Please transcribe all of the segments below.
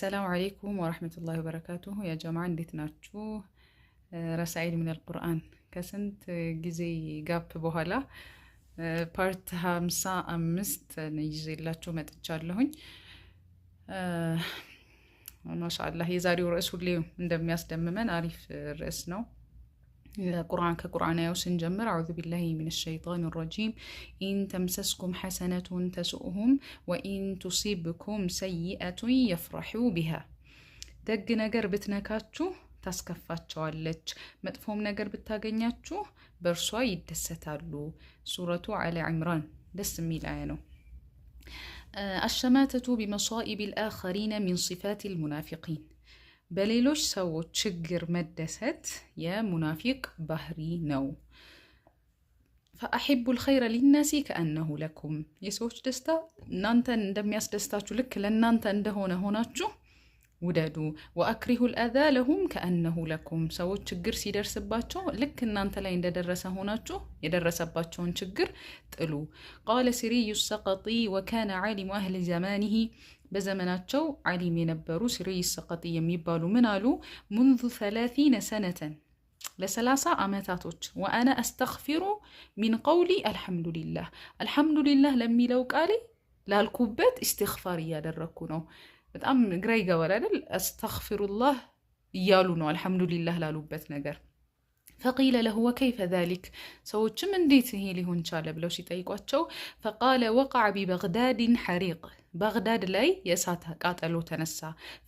ሰላም አለይኩም ወረሕመቱላሂ ወበረካቱሁ ያ ጀማ እንዴት ናችሁ? ረሳኢል ሚነል ቁርአን ከስንት ጊዜ ጋፕ በኋላ ፓርት ሀምሳ አምስት ይዤላችሁ መጥቻለሁኝ። ማሻአላህ የዛሬው ርዕስ ሁሌ እንደሚያስደምመን አሪፍ ርዕስ ነው። قرآن كقرآن وسنجمر أعوذ بالله من الشيطان الرجيم إن تمسسكم حسنة تسؤهم وإن تصيبكم سيئة يفرحوا بها دق نقر بتنكاتشو ታስከፋቸዋለች መጥፎም مدفوم نقر بتاقنياتشو برسوا يدستالو سورة على عمران የሚል አያ ነው الشماتة بمصائب الآخرين من صفات المنافقين በሌሎች ሰዎች ችግር መደሰት የሙናፊቅ ባህሪ ነው። ፈአሒቡል ኸይረ ሊናሲ ከአነሁ ለኩም የሰዎች ደስታ እናንተን እንደሚያስደስታችሁ ልክ ለእናንተ እንደሆነ ሆናችሁ ውደዱ። ወአክሪሁል አዛ ለሁም ከአነሁ ለኩም ሰዎች ችግር ሲደርስባቸው ልክ እናንተ ላይ እንደደረሰ ሆናችሁ የደረሰባቸውን ችግር ጥሉ። ቃለ ሲሪዩ ሰቀጢ ወካነ ዓሊሙ አህሊ ዘማኒሂ በዘመናቸው ዓሊም የነበሩ ሲሪስ ሰቀጢ የሚባሉ ምን አሉ? ሙንዙ ሰላሲነ ሰነተን ለሰላሳ ዓመታቶች ወአነ አስተኽፊሩ ሚን ቀውሊ አልሐምዱሊላህ አልሐምዱሊላህ ለሚለው ቃሌ ላልኩበት ኢስቲግፋር እያደረግኩ ነው። በጣም ግራ ይገባል አይደል? አስተኽፊሩላህ እያሉ ነው አልሐምዱሊላህ ላሉበት ነገር። ፈቂለ ለሁ ወከይፈ ዛሊክ ሰዎችም እንዴት ይሄ ሊሆን ቻለ ብለው ሲጠይቋቸው፣ ፈቃለ ወቃዐ ቢበግዳድን ሐሪቅ ባግዳድ ላይ የእሳት ቃጠሎ ተነሳ።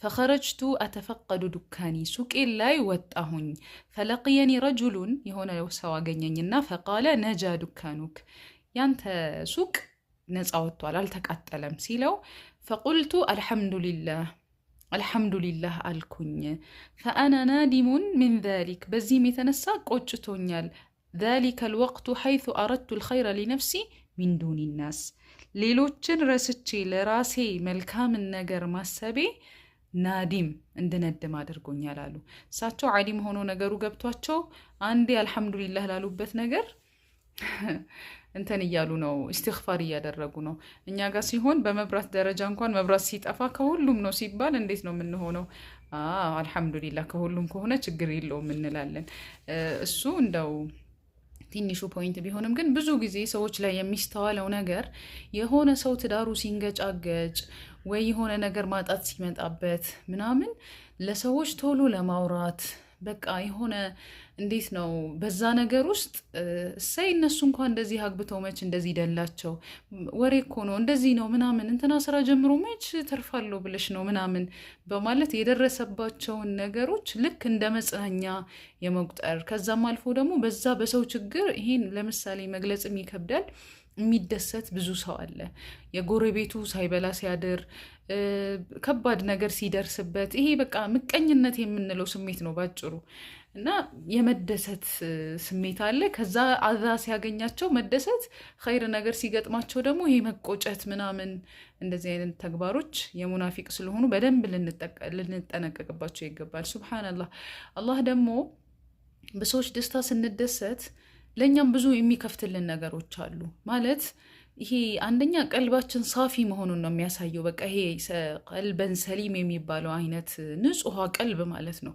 ፈኸረጅቱ አተፈቀዱ ዱካኒ ሱቄን ላይ ወጣሁኝ። ፈለቅየኒ ረጁሉን የሆነ ሰው አገኘኝና ፈቃለ ነጃ ዱካኑክ ያንተ ሱቅ ነፃ ወጥቷል አልተቃጠለም ሲለው ፈቁልቱ አልሐምዱሊላህ አልሐምዱሊላህ አልኩኝ። ፈአና ናዲሙን ምን ዛሊክ በዚህም የተነሳ ቆጭቶኛል። ዛሊከ ልወቅቱ ሐይቱ አረድቱ ልኸይረ ሊነፍሲ ሚን ዱኒ ናስ ሌሎችን ረስቼ ለራሴ መልካምን ነገር ማሰቤ ናዲም እንድነድም አድርጎኛል አሉ። እሳቸው ዓሊም ሆኖ ነገሩ ገብቷቸው አንዴ አልሐምዱሊላህ ላሉበት ነገር እንትን እያሉ ነው፣ ኢስቲግፋር እያደረጉ ነው። እኛ ጋር ሲሆን በመብራት ደረጃ እንኳን መብራት ሲጠፋ ከሁሉም ነው ሲባል እንዴት ነው የምንሆነው? አልሐምዱሊላህ ከሁሉም ከሆነ ችግር የለውም እንላለን። እሱ እንደው ትንሹ ፖይንት ቢሆንም ግን ብዙ ጊዜ ሰዎች ላይ የሚስተዋለው ነገር የሆነ ሰው ትዳሩ ሲንገጫገጭ ወይ የሆነ ነገር ማጣት ሲመጣበት ምናምን ለሰዎች ቶሎ ለማውራት በቃ የሆነ እንዴት ነው በዛ ነገር ውስጥ እሰይ እነሱ እንኳ እንደዚህ አግብተው መች እንደዚህ ደላቸው ወሬ እኮ ነው እንደዚህ ነው ምናምን እንትና ስራ ጀምሮ መች ተርፋለሁ ብለሽ ነው ምናምን በማለት የደረሰባቸውን ነገሮች ልክ እንደ መጽናኛ የመቁጠር ከዛም አልፎ ደግሞ በዛ በሰው ችግር ይሄን ለምሳሌ መግለጽም ይከብዳል የሚደሰት ብዙ ሰው አለ። የጎረቤቱ ሳይበላ ሲያድር ከባድ ነገር ሲደርስበት ይሄ በቃ ምቀኝነት የምንለው ስሜት ነው ባጭሩ። እና የመደሰት ስሜት አለ። ከዛ አዛ ሲያገኛቸው መደሰት፣ ኸይር ነገር ሲገጥማቸው ደግሞ ይሄ መቆጨት ምናምን፣ እንደዚህ አይነት ተግባሮች የሙናፊቅ ስለሆኑ በደንብ ልንጠነቀቅባቸው ይገባል። ሱብሃነላህ። አላህ ደግሞ በሰዎች ደስታ ስንደሰት ለእኛም ብዙ የሚከፍትልን ነገሮች አሉ ማለት ይሄ አንደኛ ቀልባችን ሳፊ መሆኑን ነው የሚያሳየው። በቃ ይሄ ቀልበን ሰሊም የሚባለው አይነት ንጹሕ ቀልብ ማለት ነው።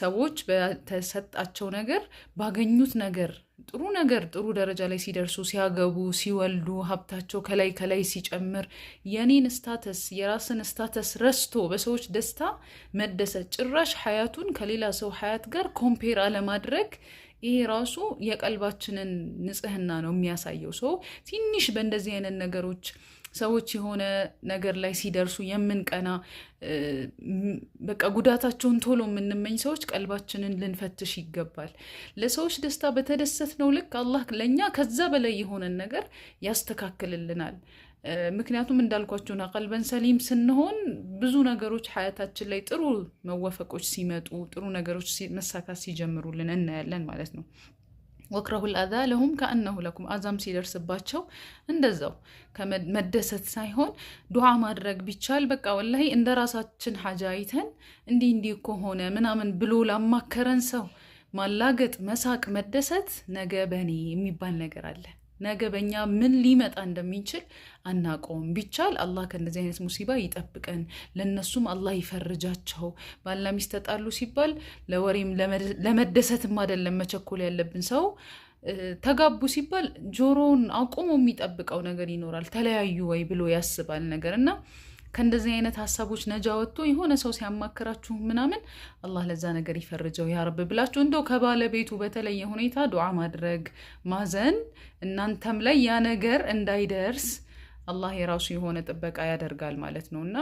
ሰዎች በተሰጣቸው ነገር ባገኙት ነገር ጥሩ ነገር ጥሩ ደረጃ ላይ ሲደርሱ ሲያገቡ፣ ሲወልዱ፣ ሀብታቸው ከላይ ከላይ ሲጨምር የኔን ስታተስ የራስን ስታተስ ረስቶ በሰዎች ደስታ መደሰት ጭራሽ ሀያቱን ከሌላ ሰው ሀያት ጋር ኮምፔር አለማድረግ ይሄ ራሱ የቀልባችንን ንጽህና ነው የሚያሳየው። ሰው ትንሽ በእንደዚህ አይነት ነገሮች ሰዎች የሆነ ነገር ላይ ሲደርሱ የምንቀና በቃ ጉዳታቸውን ቶሎ የምንመኝ ሰዎች ቀልባችንን ልንፈትሽ ይገባል። ለሰዎች ደስታ በተደሰት ነው ልክ አላህ ለእኛ ከዛ በላይ የሆነን ነገር ያስተካክልልናል። ምክንያቱም እንዳልኳቸው ና ቀልበን ሰሊም ስንሆን ብዙ ነገሮች ሀያታችን ላይ ጥሩ መወፈቆች ሲመጡ ጥሩ ነገሮች መሳካት ሲጀምሩልን እናያለን ማለት ነው። ወክረሁል አዛ ለሁም ከአነሁ ለኩም አዛም ሲደርስባቸው እንደዛው ከመደሰት ሳይሆን ዱዓ ማድረግ ቢቻል በቃ ወላሂ እንደ ራሳችን ሀጃ አይተን እንዲህ እንዲህ ከሆነ ምናምን ብሎ ላማከረን ሰው ማላገጥ፣ መሳቅ፣ መደሰት ነገ በኔ የሚባል ነገር አለ። ነገ በእኛ ምን ሊመጣ እንደሚችል አናቀውም። ቢቻል አላህ ከእንደዚህ አይነት ሙሲባ ይጠብቀን፣ ለእነሱም አላህ ይፈርጃቸው። ባልና ሚስት ተጣሉ ሲባል ለወሬም ለመደሰትም አይደለም መቸኮል ያለብን ሰው ተጋቡ ሲባል ጆሮውን አቁሞ የሚጠብቀው ነገር ይኖራል። ተለያዩ ወይ ብሎ ያስባል ነገር እና ከእንደዚህ አይነት ሀሳቦች ነጃ ወጥቶ የሆነ ሰው ሲያማክራችሁ ምናምን አላህ ለዛ ነገር ይፈርጀው ያረብ ብላችሁ እንደው ከባለቤቱ በተለየ ሁኔታ ዱዓ ማድረግ ማዘን፣ እናንተም ላይ ያ ነገር እንዳይደርስ አላህ የራሱ የሆነ ጥበቃ ያደርጋል ማለት ነው። እና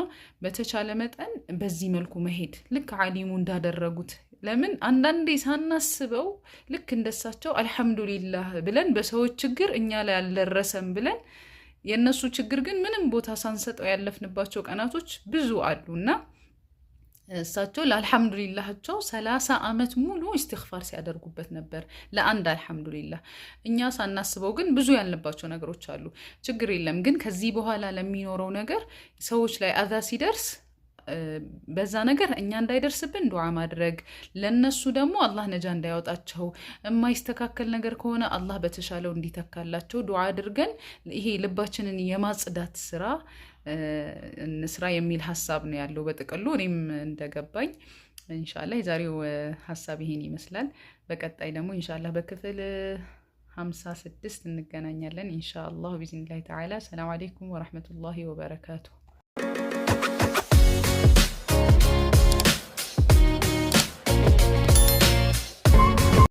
በተቻለ መጠን በዚህ መልኩ መሄድ ልክ አሊሙ እንዳደረጉት ለምን አንዳንዴ ሳናስበው ልክ እንደሳቸው አልሐምዱሊላህ ብለን በሰዎች ችግር እኛ ላይ አልደረሰም ብለን የእነሱ ችግር ግን ምንም ቦታ ሳንሰጠው ያለፍንባቸው ቀናቶች ብዙ አሉ እና እሳቸው ለአልሐምዱሊላቸው ሰላሳ ዓመት ሙሉ ኢስቲግፋር ሲያደርጉበት ነበር ለአንድ አልሐምዱሊላህ። እኛ ሳናስበው ግን ብዙ ያልንባቸው ነገሮች አሉ። ችግር የለም ግን ከዚህ በኋላ ለሚኖረው ነገር ሰዎች ላይ አዛ ሲደርስ በዛ ነገር እኛ እንዳይደርስብን ዱዓ ማድረግ ለነሱ ደግሞ አላህ ነጃ እንዳያወጣቸው የማይስተካከል ነገር ከሆነ አላህ በተሻለው እንዲተካላቸው ዱዓ አድርገን ይሄ ልባችንን የማጽዳት ስራ እንስራ የሚል ሀሳብ ነው ያለው በጥቅሉ። እኔም እንደገባኝ እንሻላ የዛሬው ሀሳብ ይሄን ይመስላል። በቀጣይ ደግሞ እንሻላ በክፍል ሀምሳ ስድስት እንገናኛለን። እንሻ አላሁ ቢዝኒላሂ ተዓላ። ሰላም አሌይኩም ወረሕመቱላሂ ወበረካቱ።